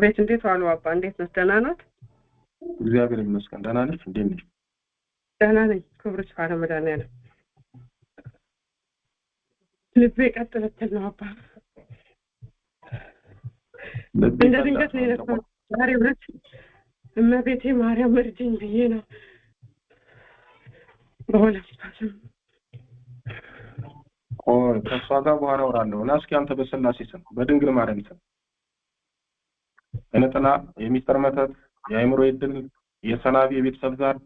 አቤት እንዴት ዋሉ አባ? እንዴት ነሽ? ደህና ናት? እግዚአብሔር ይመስገን። ደህና ነሽ? እንዴት ነሽ? ደህና ነኝ። ክብር ይስፋ ለመድኃኒዓለም። ልቤ ቀጥ ነው አባ። እንደ ድንገት ነው የነሳ ዛሬ ዕለት እመቤቴ ማርያም እርጅኝ ብዬ ነው በሆነ ከእሷ ጋር በኋላ ወራለሁ እና እስኪ አንተ በስላሴ ስም በድንግል ማርያም ስም እንጥላ፣ የሚስጥር መተት፣ የአእምሮ ዕድል፣ የሰናቢ የቤተሰብ ዛር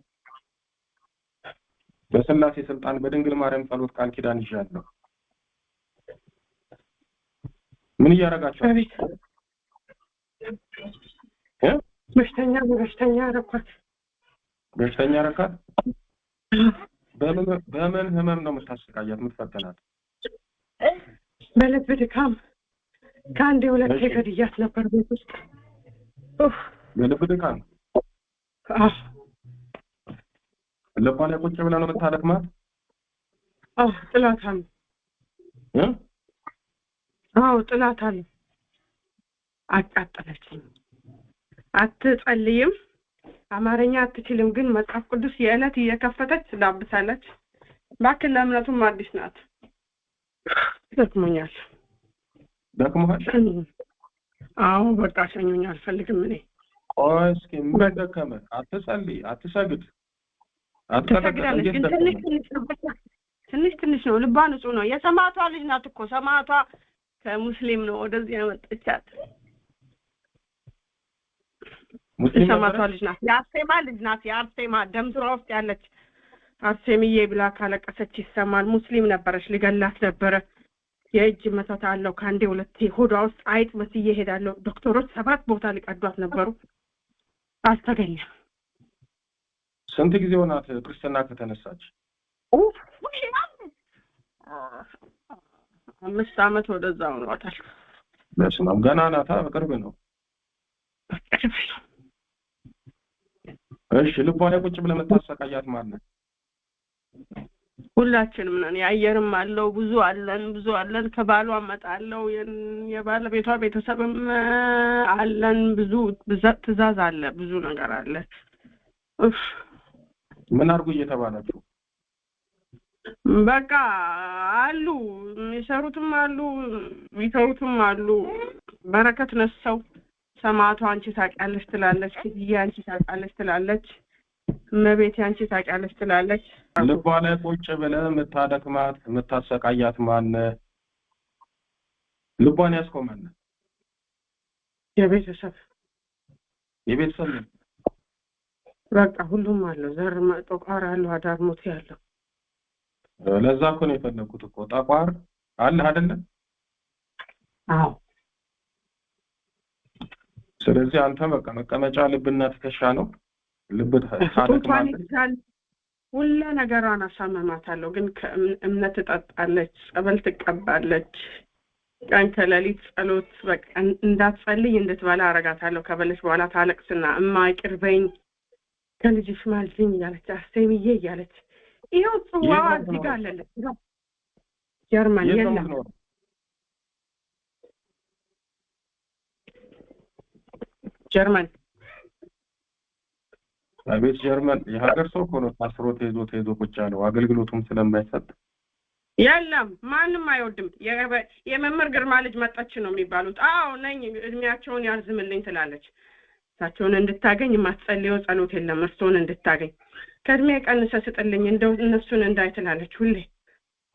በስላሴ ስልጣን በድንግል ማርያም ጸሎት ቃል ኪዳን ይዣለሁ። ምን እያደረጋቸው በሽተኛ በሽተኛ ረኳት በሽተኛ ረካት። በምን ህመም ነው የምታሰቃያት የምትፈተናት? በልብ ድካም ከአንድ የሁለት ገድያት ነበር ቤት ውስጥ የልብ ድቃን ልቧ ላይ ቁጭ ብላ ነው የምታለቅማት። ጥላታም አዎ ጥላታም አቃጠለችኝ። አትጸልይም፣ አማርኛ አትችልም፣ ግን መጽሐፍ ቅዱስ የዕለት እየከፈተች ዳብሳለች። እባክህ ለእምነቱም አዲስ ናት። ደክሞኛል። ደክሞሃል አዎ በቃ ሸኙኝ አልፈልግም እኔ ቆይ እስኪ ምን አትጸልይ አትሰግድ አትሰግዳለች ትንሽ ትንሽ ነው ልባ ንጹህ ነው የሰማዕቷ ልጅ ናት እኮ ሰማዕቷ ከሙስሊም ነው ወደዚህ ያመጣቻት የሰማዕቷ ልጅ ናት የአርሴማ ልጅ ናት የአርሴማ ደምስራ ውስጥ ያለች አርሴምዬ ብላ ካለቀሰች ይሰማል ሙስሊም ነበረች ልገላት ነበረ የእጅ መተት አለው። ከአንዴ ሁለቴ ሆዷ ውስጥ አይጥ መስዬ እሄዳለሁ። ዶክተሮች ሰባት ቦታ ሊቀዷት ነበሩ፣ አልተገኘም። ስንት ጊዜ ሆናት ክርስትና ከተነሳች? አምስት አመት ወደዛ ሆኗታል። በስመ አብ ገና ናታ። በቅርብ ነው። በቅርብ ነው። እሺ ልቧ ላይ ቁጭ ብለህ የምታሰቃያት ነው? ሁላችንም ነን። የአየርም አለው ብዙ አለን ብዙ አለን። ከባሏ መጣለው የባለቤቷ ቤተሰብም አለን። ብዙ ትእዛዝ አለ፣ ብዙ ነገር አለ። ምን አድርጉ እየተባላችሁ በቃ አሉ የሚሰሩትም አሉ የሚሰሩትም አሉ። በረከት ነሰው ሰማዕቷ አንቺ ታውቂያለሽ ትላለች፣ ክድዬ አንቺ ታውቂያለሽ ትላለች እመቤቴ ያንቺ ታውቂያለሽ ትላለች። ልቧ ላይ ቁጭ ብለህ የምታደክማት የምታሰቃያት ማነ? ልቧን ያስቆመነ የቤተሰብ የቤተሰብ በቃ ሁሉም አለው። ዘር ጠቋር አለው፣ አዳር ሞት ያለው። ለዛ እኮ ነው የፈለኩት እኮ ጠቋር አለ አይደለም አዎ። ስለዚህ አንተ በቃ መቀመጫ ልብና ትከሻ ነው። ልብን ሁለ ነገሯን አሳመማታለሁ፣ ግን እምነት ትጠጣለች፣ ጸበል ትቀባለች፣ ቀን ከሌሊት ጸሎት በቃ እንዳትጸልይ እንድትበላ አረጋታለሁ። ከበለች በኋላ ታለቅስና እማ ይቅር ከልጅሽ ማልዝኝ እያለች አስቴምዬ እያለች ይኸው ጽዋዋ እዚህ ጋር አለለች። ጀርመን የለም ጀርመን አቤት ጀርመን የሀገር ሰው እኮ ነው ታስሮ ተይዞ ተይዞ ቁጭ ነው። አገልግሎቱም ስለማይሰጥ የለም ማንም አይወድም የመምህር ግርማ ልጅ መጣች ነው የሚባሉት አዎ ነኝ እድሜያቸውን ያርዝምልኝ ትላለች እሳቸውን እንድታገኝ የማትጸልየው ጸሎት የለም እርስዎን እንድታገኝ ከእድሜ ቀንሰ ስጥልኝ እንደው እነሱን እንዳይ ትላለች ሁሌ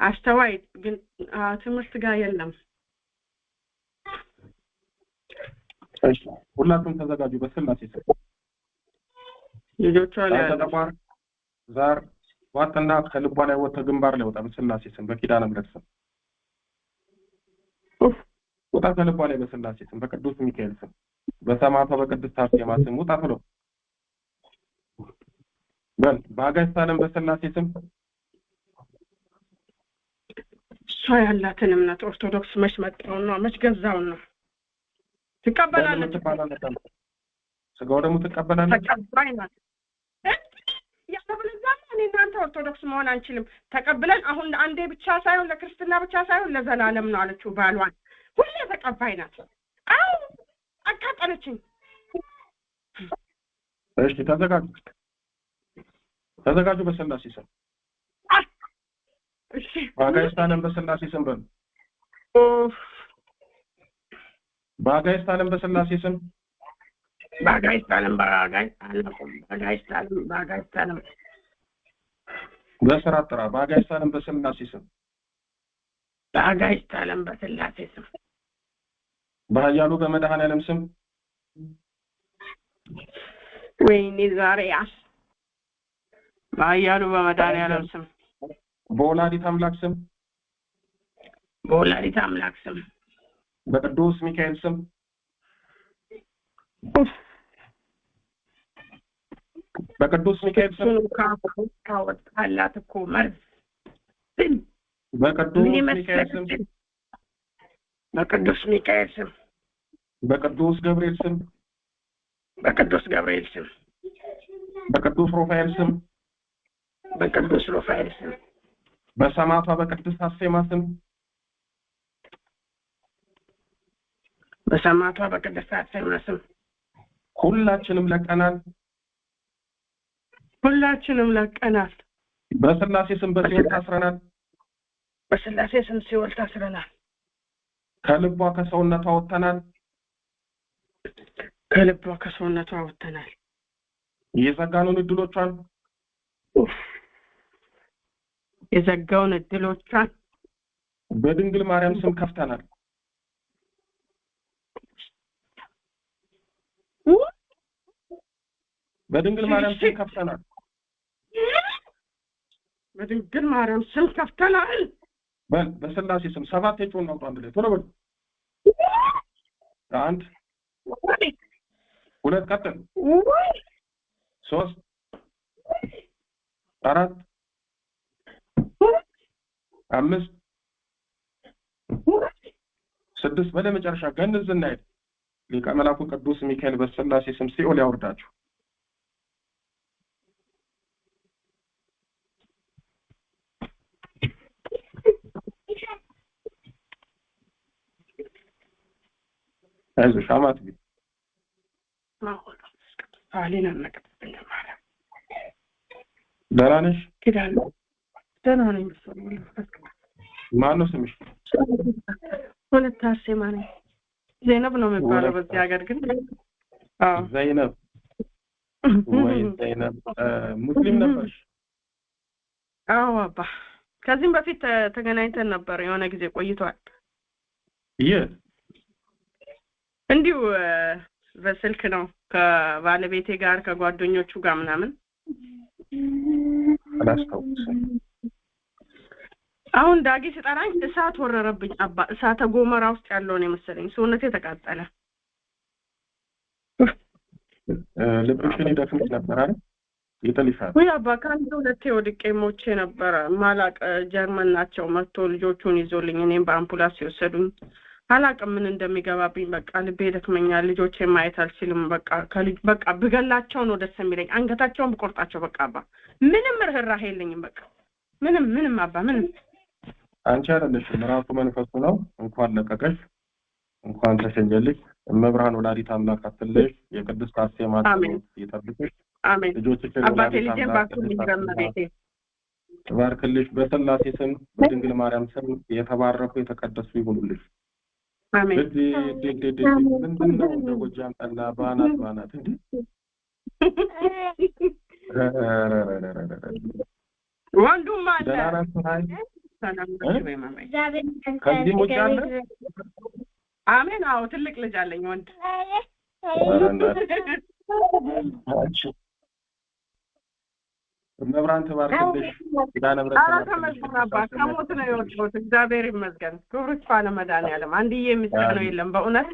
አስተዋይ ግን ትምህርት ጋር የለም ሁላቱም ተዘጋጁ በስላሴ ልጆቿን ያጠፋር ዛር ዋተና ከልቧ ላይ ወጥተ ግንባር ላይ ወጣ። በስላሴ ስም በኪዳነ ምሕረት ስም ወጣ ከልቧ ላይ በስላሴ ስም በቅዱስ ሚካኤል ስም በሰማዕቷ በቅድስት አርሴማ ስም ውጣ ብሎ በል በአጋዕዝተ በስላሴ ስም እሷ ያላትን እምነት ኦርቶዶክስ መች መጣውና መች ገዛውና ትቀበላለች። ስጋው ደግሞ ትቀበላለች። ተቀባይ ናት። አለበለዚያማ እኔ እናንተ ኦርቶዶክስ መሆን አንችልም ተቀብለን አሁን ለአንዴ ብቻ ሳይሆን ለክርስትና ብቻ ሳይሆን ለዘላለም ነው አለችው ባሏን። ሁሌ ተቀባይ ናት። አሁ አቃጠለችኝ። እሺ ተዘጋጁ፣ ተዘጋጁ በስላሴ ስም በአጋይስታንም በስላሴ ስም በሉ። በአጋይስታንም በስላሴ ስም በአጋይስታንም በአጋይስታንም በአጋይስታንም በአጋይስታንም በስራ ጥራ በአጋዕዝተ ዓለም በስላሴ ስም በአጋዕዝተ ዓለም በስላሴ ስም በኃያሉ በመድኃኔ ዓለም ስም ወይኔ ዛሬ ያስ በኃያሉ በመድኃኔ ዓለም ስም በወላዲት አምላክ ስም በወላዲት አምላክ ስም በቅዱስ ሚካኤል ስም هلا تكون مرسل በቅዱስ ሚካኤል ስም በቅዱስ ገብርኤል ስም በቅዱስ ገብርኤል ስም በቅዱስ ሩፋኤል ስም በቅዱስ ሩፋኤል ስም በሰማዕቷ በቅዱስ አርሴማ ስም በሰማዕቷ በቅዱስ አርሴማ ስም ሁላችንም ለቀናል። ሁላችንም ለቀናል። በስላሴ ስም በሲኦል ታስረናል። በስላሴ ስም ሲኦል ታስረናል። ከልቧ ከሰውነቷ ወጥተናል። ከልቧ ከሰውነቷ ወጥተናል። የዘጋነውን እድሎቿን የዘጋውን እድሎቿን በድንግል ማርያም ስም ከፍተናል። በድንግል ማርያም ስም ከፍተናል። በድንግል ማርያም ስም ከፍተናል። በስላሴ ስም ሰባት የጮን ነው አንድ ላይ ቶሎ በሉ። አንድ ሁለት፣ ቀጥል። ሶስት አራት አምስት ስድስት፣ ወደ መጨረሻ ገንዝ እናሄድ። ሊቀ መላኩ ቅዱስ ሚካኤል በስላሴ ስም ሲኦል ያወርዳችሁ። አይዞሽ አማት ግ ደህና ነሽ? ኪዳነ ደህና ስምሽ? ሁለት አርሴማ ነኝ። ዜነብ ነው የሚባለው በዚህ ሀገር ግን ዘይነብ ወይ ዘይነብ ሙስሊም ነበርሽ? አዎ አባ ከዚህም በፊት ተገናኝተን ነበር የሆነ ጊዜ ቆይቷል። የት እንዲሁ በስልክ ነው ከባለቤቴ ጋር ከጓደኞቹ ጋር ምናምን አሁን ዳጊ ስጠራኝ እሳት ወረረብኝ። አባ እሳተ ጎመራ ውስጥ ያለውን የመሰለኝ ሰውነቴ ተቃጠለ። ልብሽን ይደክምሽ ነበር አይደል? ይጥልሻል። አባ ከአንድ ሁለቴ ወድቄ ሞቼ ነበረ። ማላቅ ጀርመን ናቸው መጥቶ ልጆቹን ይዞልኝ እኔም በአምፑላስ የወሰዱኝ አላቅም ምን እንደሚገባብኝ በቃ ልቤ ደክመኛል። ልጆቼ ማየት አልችልም። በቃ በቃ ብገላቸው ነው ደስ የሚለኝ፣ አንገታቸውን ብቆርጣቸው። በቃ አባ ምንም ርህራሄ የለኝም። በቃ ምንም ምንም አባ ምንም። አንቺ አይደለሽም ራሱ መንፈሱ ነው። እንኳን ለቀቀሽ፣ እንኳን ተሸኘልሽ። እመብርሃን ወላዲት አምላክ አትለሽ፣ የቅድስት አርሴማ ይጠብቅሽ። ልጆችሽን ባርክልሽ። በስላሴ ስም በድንግል ማርያም ስም የተባረኩ የተቀደሱ ይሁኑልሽ። ምንድን ነው እንደ ጎጃም ጠላ ባናት ባናት እንዴ ወንዱም አለ ውጭ አለ አሜን አዎ ትልቅ ልጅ አለኝ ወንድ መብራን ተባርክልሽ። ተመዝናባት ከሞት ነው የወጣሁት። እግዚአብሔር ይመስገን። ክብር ይስፋ ለመድኃኒዓለም። አንድዬ ነው የለም። በእውነት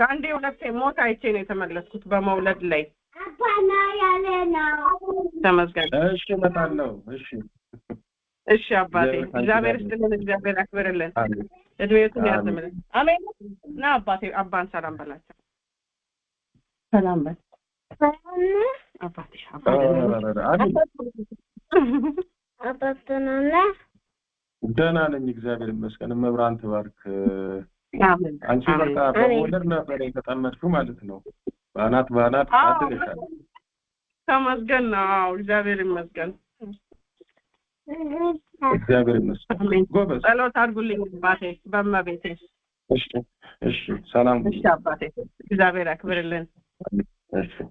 ከአንዴ ሁለቴ ሞት አይቼ ነው የተመለስኩት በመውለድ ላይ። ተመስገን። እሺ እመጣለሁ። እሺ እሺ። አባቴ እግዚአብሔር ይስጥልን፣ እግዚአብሔር ያክብርልን፣ እድሜቱን ያዝምልን። አሜን። ና አባቴ፣ አባን ሰላም በላቸው። ሰላም በል ደህና ነኝ፣ እግዚአብሔር ይመስገን። መብራን ትባርክ። አንቺ በቃ በወለድ ነበር የተጠመድሽው ማለት ነው። በአናት በአናት አትልሻል። ተመስገን ነው፣ እግዚአብሔር ይመስገን። እግዚአብሔር ይመስገን። ጎበዝ ጸሎት አድርጉልኝ አባቴ በእመቤቴ። እሺ እሺ፣ ሰላም። እሺ አባቴ፣ እግዚአብሔር ያክብርልን። እሺ አባቴ እግዚአብሔር አክብርልን እሺ